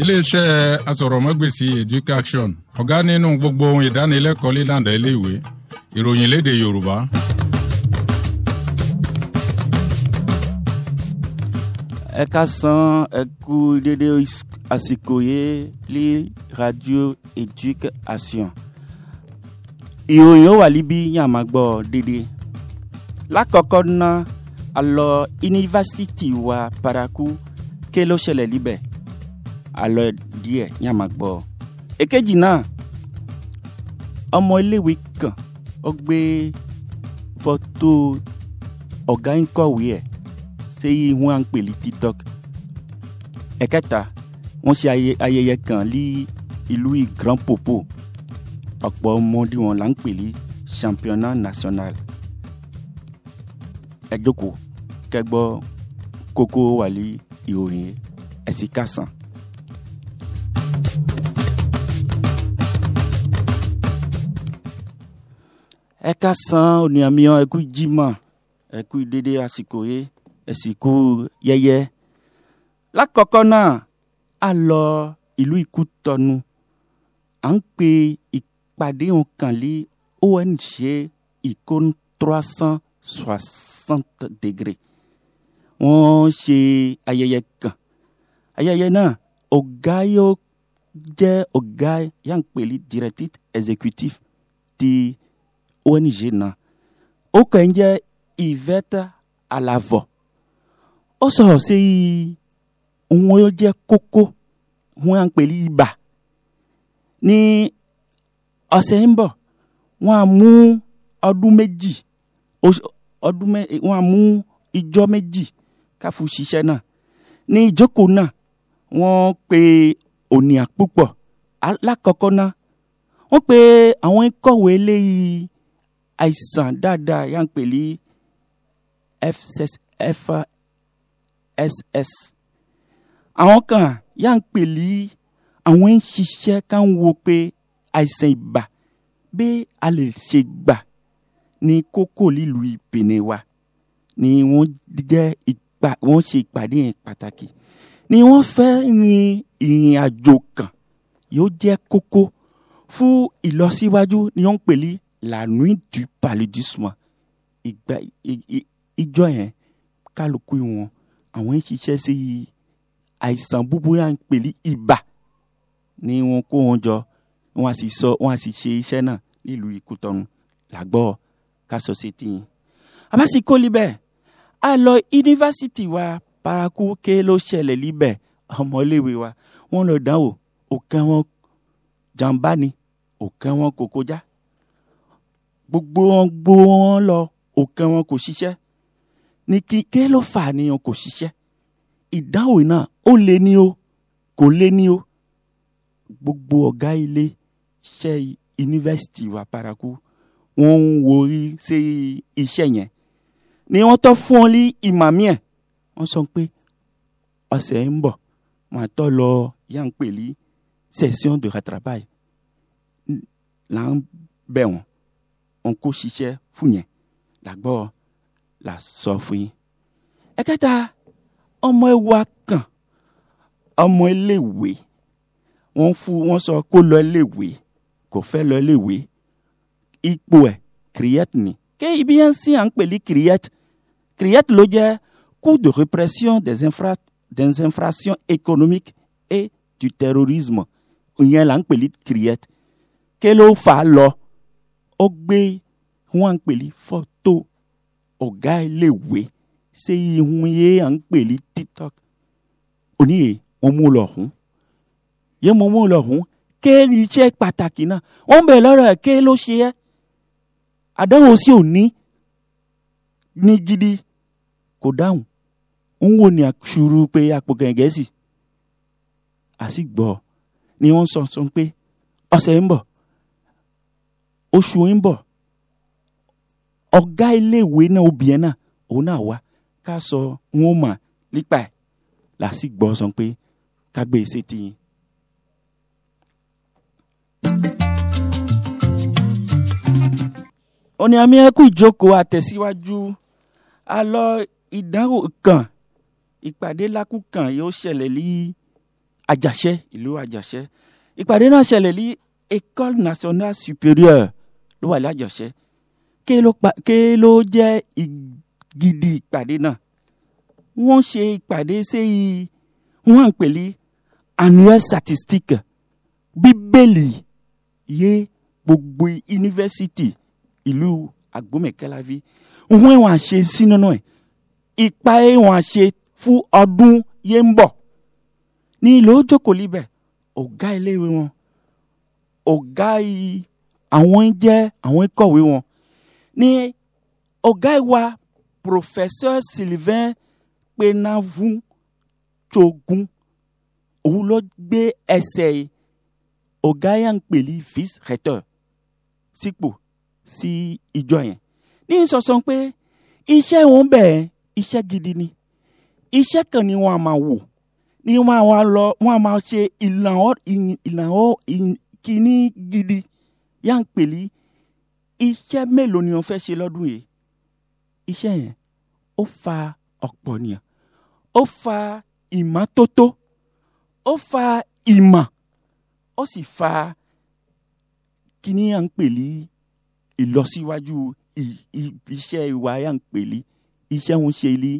iléeṣẹ́ asọ̀rọ̀mọ́gbèsì education ọ̀gá nínú gbogbo ohun ìdánilẹ́kọ̀ọ́ lílànà iléèwé ìròyìn léde yorùbá. ẹ ká san ẹ kú dédé àsìkò yìí lé radio education ìròyìn ó wà níbí yàn máa gbọ́ dédé lákọ̀ọ́kọ́ ná a lọ yunifásitì wa paraku kí ló ṣẹlẹ̀ níbẹ̀ alɔ díẹ̀ nyamagbɔ èkejì náà ọmọ iléèwé kan ó gbé fọ́tò ọ̀gá ńkọ̀wé ẹ̀ séyí wọn à ń pè ní tiktok ẹ̀kẹta wọ́n ṣe ayẹyẹ kan ní ìlú Grand Popo ọ̀pọ̀ ọmọdé wọn là ń pè championnat national ẹ jókòó kẹgbọ́ wali, wà ní ìròyìn ẹ̀sìn kásán. eka san oniamiɔ eku dzima eku dede asiko ye esiku yeye la kɔkɔ na alɔ ìlú ikú tɔnu à ń pe ìpàdé hàn kàn lé ONG ìkónú trois cent soixante degré wọ́n ṣe ayẹyẹ kan ayẹyẹ náà ọ̀gá yóò jẹ́ ọ̀gá yàǹpẹ̀lì directif exécutif ti. ONG na ó kàn ń jẹ́ Yvette Alavọ ó sọ̀rọ̀ sí wọn ó jẹ́ kókó wọn à ń pè ní ibà ní ọ̀sẹ̀ ń bọ̀ wọn á mú ọdún méjì ọdún méjì wọn á mú ìjọ méjì káfù ṣiṣẹ́ náà ní ìjókòó náà wọ́n pe ònìyàn púpọ̀ alákọ̀ọ́kọ́ náà wọ́n pe àwọn ikọ̀wé eléyìí àìsàn dáadáa yà ń pèlè fss àwọn kan yà ń pèlè àwọn ń ṣiṣẹ́ ká ń wo pé àìsàn ibà bí a lè ṣe gbà ní kókó lílu ìpènè wa ni wọ́n jẹ́ ìpa wọ́n ṣe ìpàdé yẹn pàtàkì ni wọ́n fẹ́ rin ìrìn àjò kan yóò jẹ́ kókó fún ìlọsíwájú ni wọ́n ń pèlè la nuit du paludisme ìgbà ìjọ yẹn kálukú wọn àwọn ń ṣiṣẹ́ sí àìsàn búburú à ń pè ní ibà ni wọn kó wọn jọ wọn a sì sọ wọn a sì ṣe iṣẹ́ náà nílùú Ìkútọ̀nù làgbọ́ ká sọ sí tìyìn. àbáṣe kó libẹ̀ a lọ yunifásitì wa paraku ké ló ṣẹlẹ̀ libẹ̀ ọmọléèwé wa wọ́n lọ dánwò òkè wọn jàǹbá ni òkè wọn kò gbogbo wọn gbogbo wọn lọ ọ̀kan wọn kò ṣiṣẹ́ ní kíkẹ́ ló fà ni wọn kò ṣiṣẹ́ ìdáhùn náà ó lé ní o kò lé ní o gbogbo ọ̀gá ilé iṣẹ́ yunifásitì wa paraku wọ́n ń worí sí iṣẹ́ yẹn ni wọ́n tọ́ fún ọ ní ìmàmí ẹ̀ wọ́n sọ pé ọ̀sẹ̀ ń bọ̀ màá tọ́ lọ yá ń pè ní session de rattrapage là ń bẹ̀ wọ́n òun kó ṣiṣẹ́ fún yẹn làgbọ́ là sọ fún yín. ẹ̀kẹta ọmọ ẹwà kan ọmọ iléèwé wọ́n fún wọ́n sọ kó lọ iléèwé kò fẹ́ lọ iléèwé ipò ẹ̀ kìrìyẹ́t ni ké ibi yẹn sí à ń pèlí kìrìyẹ́t kìrìyẹ́t ló jẹ́ coup de répression des, infra, des infractions économiques et du terrorisme ìyẹn là ń pèlí kìrìyẹ́t ké ló fà lọ ó gbé wọn ń pèlí fọ́tò ọ̀gá iléèwé ṣé ihun yé à ń pèlí tiktok oníyè wọn mú lọ hùn yẹ mo mú lọ hùn ké iṣẹ́ pàtàkì náà wọ́n bẹ̀ lọ́rọ̀ ẹ̀ ké ló ṣe ẹ́ àdánwò sí òní ní gidi kò dáhùn ń wò ní àṣùrù pé apò gẹ̀ẹ́gẹ́sì àsìgbọ́ ni wọ́n sọ sọ pé ọ̀sẹ̀ ń bọ̀ oṣù ń bọ̀ ọ̀gá iléèwé náà obìnrin náà òun náà wá ká sọ wọn ò mà nípa ẹ̀ làásì gbọ́ sọ pé ká gbé e sétí yín. òní àmì ẹkú ìjókòó àtẹ̀síwájú alọ ìdánwò kan ìpàdé lákù kan yóò ṣẹlẹ̀ ní àjàṣẹ́ ìlú àjàṣẹ́ ìpàdé náà ṣẹlẹ̀ ní École Nationale Supérieure ló wà lájọṣe ké ló jẹ́ gidi ìpàdé náà wọ́n ṣe ìpàdé sẹ́yìn wọ́n ń pèlè annual statistique bíbélì yé gbogbo yunifásitì ìlú agbómẹ̀kẹ́lávi wọ́n wọ́n ṣe sínú ẹ̀ ipa ẹ̀ wọ́n ṣe fún ọdún yé ń bọ̀ ní ìlú ojókòó libẹ̀ ọ̀gá iléèwé wọn ọ̀gá yìí àwọn ń jẹ́ àwọn ń kọ̀wé wọn ní ọ̀gá ìwà professeur sylvain penavun tsogun òun ló gbé ẹsẹ̀ ọ̀gá yà ń pèlí vice recteur sípò sí ìjọ yẹn ní sọ̀sọ̀ pé iṣẹ́ wọn bẹ́ẹ̀ iṣẹ́ gidi ni iṣẹ́ kan ni wọ́n a máa wò ni wọ́n a máa lọ wọ́n a máa ṣe ìlànà ìlànà gidi. Yáǹpẹ̀lì iṣẹ́ mélòó ni wọ́n fẹ́ ṣe lọ́dún yìí iṣẹ́ yẹn ó fa ọ̀pọ̀ nìyẹn ó fa ìmọ́tótó ó fa ìmọ̀ ó sì fa kíní Yáǹpẹ̀lì ìlọsíwájú iṣẹ́ ìwà Yáǹpẹ̀lì iṣẹ́ ń ṣe ilé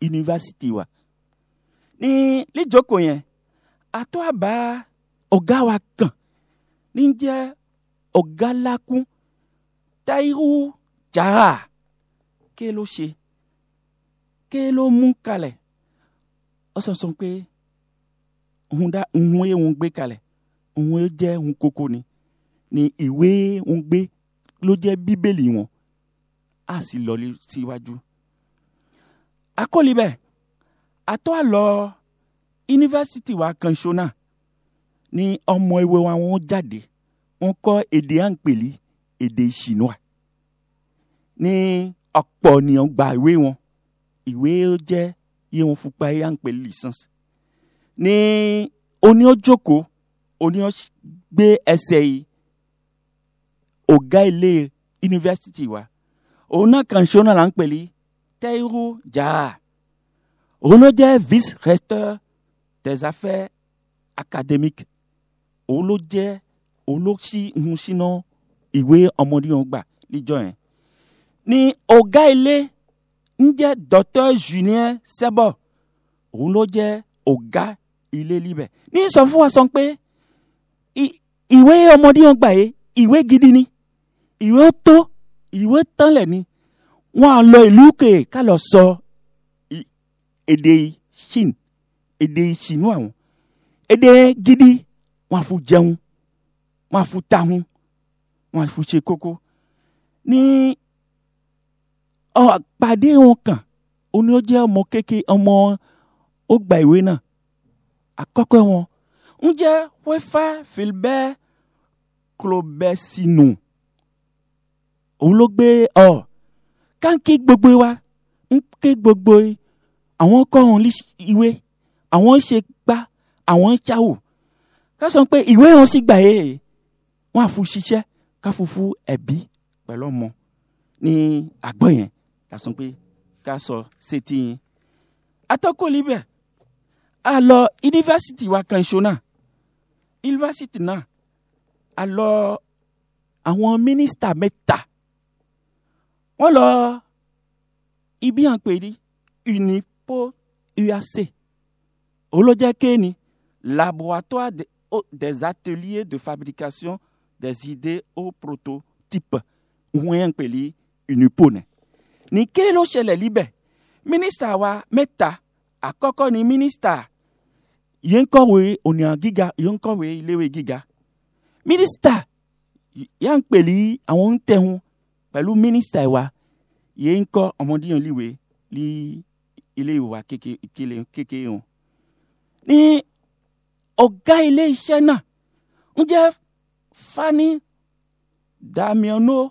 yunifásitì wa ní níjókòó yẹn àtọ́ àbá ọ̀gá wa kan ní jẹ́ ọ̀gá lákún Táírù Jàrà ké ló ṣe ké ló mú kalẹ̀ ọ sọ̀sọ̀ pé òun dá òun yẹ òun gbé kalẹ̀ òun yẹ jẹ́ òun kókó ni ni ìwé òun gbé ló jẹ́ bíbélì wọn a sì lọlé síwájú. akọ́lé bẹ́ẹ̀ atọ́ àlọ́ yunifásitì wa kan ṣọ́nà ni ọmọ ìwé wa wọn jáde ń kọ́ èdè à ń èdè chinois ní ọ̀pọ̀ ènìyàn gba ìwé wọn ìwé jẹ́ iye wọn fúnpa à ń pèlí licence ní oní ọjọ́kọ̀ oní gbé ẹsẹ̀ yìí ọ̀gá ilé yunifásitì wa òun náà kàn ṣó náà là ń pèlí Taïro Jaa òun ló jẹ́ vice-recteur des affaires académiques òun ló jẹ́ olóṣìhun síná ìwé ọmọdé wọn gbà níjọ yẹn ní ọ̀gá ilé ń jẹ́ dr julien sebo òun ló jẹ́ ọ̀gá ilé libẹ̀ ní sọ fún wa sọ pé ìwé ọmọdé wọn gbà yé ìwé gidi ni ìwé tó ìwé tán ni wọ́n á lọ ìlú kè ká lọ sọ èdè Chin èdè Chinua àwọn èdè gidi wọ́n á fún jẹun wọn àfu ta ho wọn àfu ṣe kókó ní àpàdé wọn kàn òní ó jẹ́ ọmọ kéke ọmọ ó gba ìwé náà àkọ́kọ́ wọn ń jẹ́ wẹ́fẹ́ filibẹ́ klobẹ́sinu òun ló gbé ọ káńkì gbogbo wa ń ké gbogbo àwọn kọ́ wọn ìwé àwọn ṣe gbá àwọn ṣáwò ká sọ pé ìwé wọn sì gbà yé wọ́n á fún ṣiṣẹ́ ká fún fún ẹ̀bí pẹ̀lú ọmọ ní àgbọ̀ yẹn lásán pé ká sọ sétí yẹn. atọ́kọ̀ libẹ̀ a lọ yunifásitì wa kan ṣo náà yunifásitì náà a lọ àwọn mínísítà mẹ́ta wọ́n lọ ibi à ń pè ní unipo uac òun ló jẹ́ kéènì laboratoire des ateliers de fabrication des idées au prototype ou wọn pè ní unipone ní ké ló ṣẹlẹ̀ líbẹ̀ mínísítà wa mẹ́ta àkọ́kọ́ ni ministre mínísítà yẹn kọ̀wé ònìyàn gíga yẹn kọ̀wé iléèwé gíga mínísítà yẹn pè ní a un tẹ̀hún pẹ̀lú mínísítà wa yẹn kọ́ ọmọdéyàn líwé ní iléèwé wa kékeré wọn ní ọ̀gá ilé iṣẹ́ náà ń jẹ́ fani damiano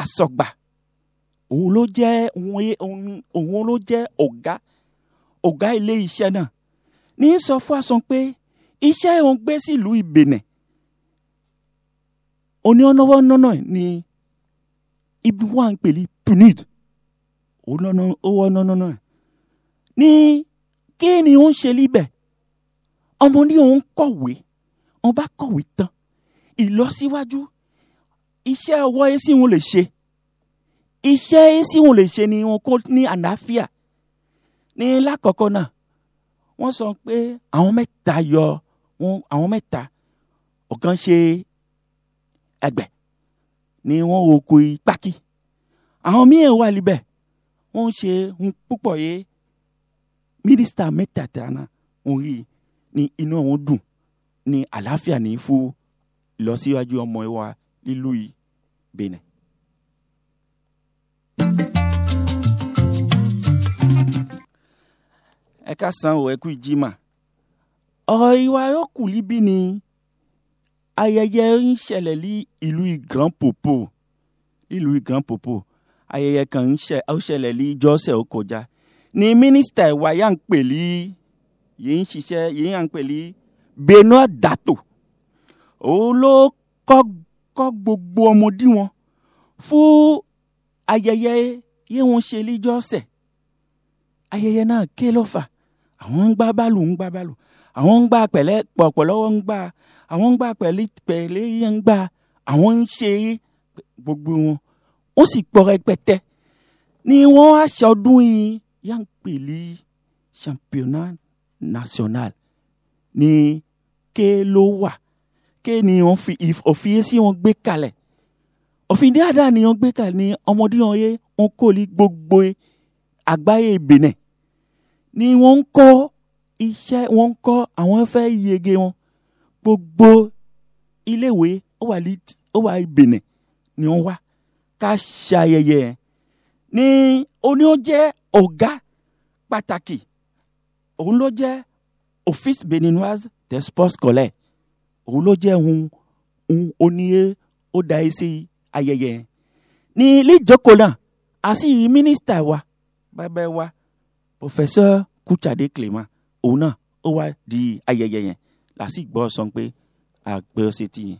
asọ̀gbà òun ló jẹ́ òun ló jẹ́ ọ̀gá ọ̀gá ilé iṣẹ́ náà ní sọ fún asan pé iṣẹ́ òun gbé sílùú ìbẹ̀nẹ̀ oníwọ́nọ́wọ́ náà ni ibi wà ń pèlè punit owó náà náà ní kí ni òun ṣe líbẹ̀ ọmọ ní òun kọ̀wé òun bá kọ̀wé tán ìlọsíwájú iṣẹ́ ọwọ́ èsì wọn lè ṣe iṣẹ́ èsì wọn lè ṣe ni wọn kò ní àlàáfíà ní lákọ̀ọ́kọ́ náà wọ́n sọ pé àwọn mẹ́ta yọ wọn àwọn mẹ́ta ọ̀kan ṣe ẹgbẹ́ ni wọ́n ò kó pákí àwọn míì wà níbẹ̀ wọ́n ń ṣe púpọ̀ yé mínísítà mẹ́tàtà náà òun yìí ni inú òun dùn ni àlàáfíà ní fún lọ síwájú ọmọ wa lílù yìí Benin. ẹ ká san o ẹ kú ìjímà ọ̀rọ̀ ìwà yọkù líbí ni ayẹyẹ ń ṣẹlẹ̀ ní ìlú Grand Popo ìlú Grand Popo ayẹyẹ kan ń ṣẹlẹ̀ ní jọ́sẹ̀ ó ni mínísítà ìwà yà ń pè ní yìí ń ṣiṣẹ́ yìí ń pè ní Benoît Dato òun ló kọ́ kọ́ gbogbo ọmọdé wọn fún ayẹyẹ yéwọn ṣe lẹ́jọ́ ọ̀sẹ̀ ayẹyẹ náà ké lọ́fà àwọn ń gbá bálù ń gbá bálù àwọn ń gbá pẹ̀lẹ́ pọ̀pọ̀ lọ́wọ́ ń gbá àwọn ń gbá pẹ̀lẹ́ pẹ̀lẹ́ yẹn ń gbá àwọn ń ṣe gbogbo wọn ó sì pọ̀ rẹpẹtẹ ni wọ́n á ṣọdún yìí yà ń pèlè championnat national ní ké ló wà ké ni wọ́n fi òfin yé sí wọn gbé kalẹ̀ òfin dáadáa ni wọ́n gbé kalẹ̀ ní ọmọdé wọn yé wọn kò ní gbogbo àgbáyé ìbìnẹ̀ ni wọ́n ń kọ́ iṣẹ́ wọ́n ń kọ́ àwọn fẹ́ yege wọn gbogbo iléèwé ó wà ìbìnẹ̀ ni wọ́n wá ká ṣayẹyẹ ni oní ó jẹ́ ọ̀gá pàtàkì òun ló jẹ́ office beninoise des sports scolaires òun ló jẹ́ òun òun oníyé ó da ẹ sí ayẹyẹ ní ilé ìjókòó náà a mínísítà wa bàbá wa pòfẹsọ Kúchàdé Clement òun náà ó wá di ayẹyẹ yẹn làásì gbọ́ sọ pé àgbẹ̀ ọ̀sẹ̀ ti yẹn.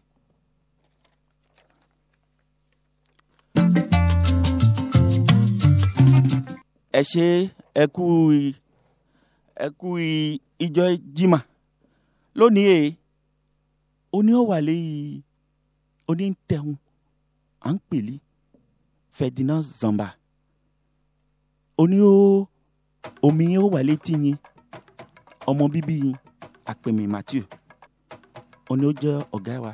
ẹ ṣe ẹ kú ẹ kú ijọ́ jimá lónìí èyí. E, oní ọ̀wàlẹ́ yìí oní ń à ń pèlí Ferdinand Zamba oní ó omi ọ̀wàlẹ́ tì yín ọmọ bíbí àpèmí Matthew oní ó jẹ́ ọ̀gá wa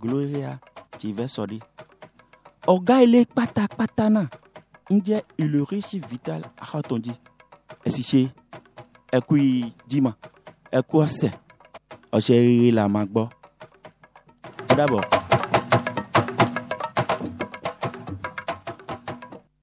Gloria Chivesori ọ̀gá ilé pátápátá náà ń jẹ́ ìlú riche vital àkàtúndì ẹ sì ṣe ẹ kú ìjìmọ̀ ẹ ọ̀sẹ̀ ọ̀sẹ̀ rere là máa gbọ́. Bravo.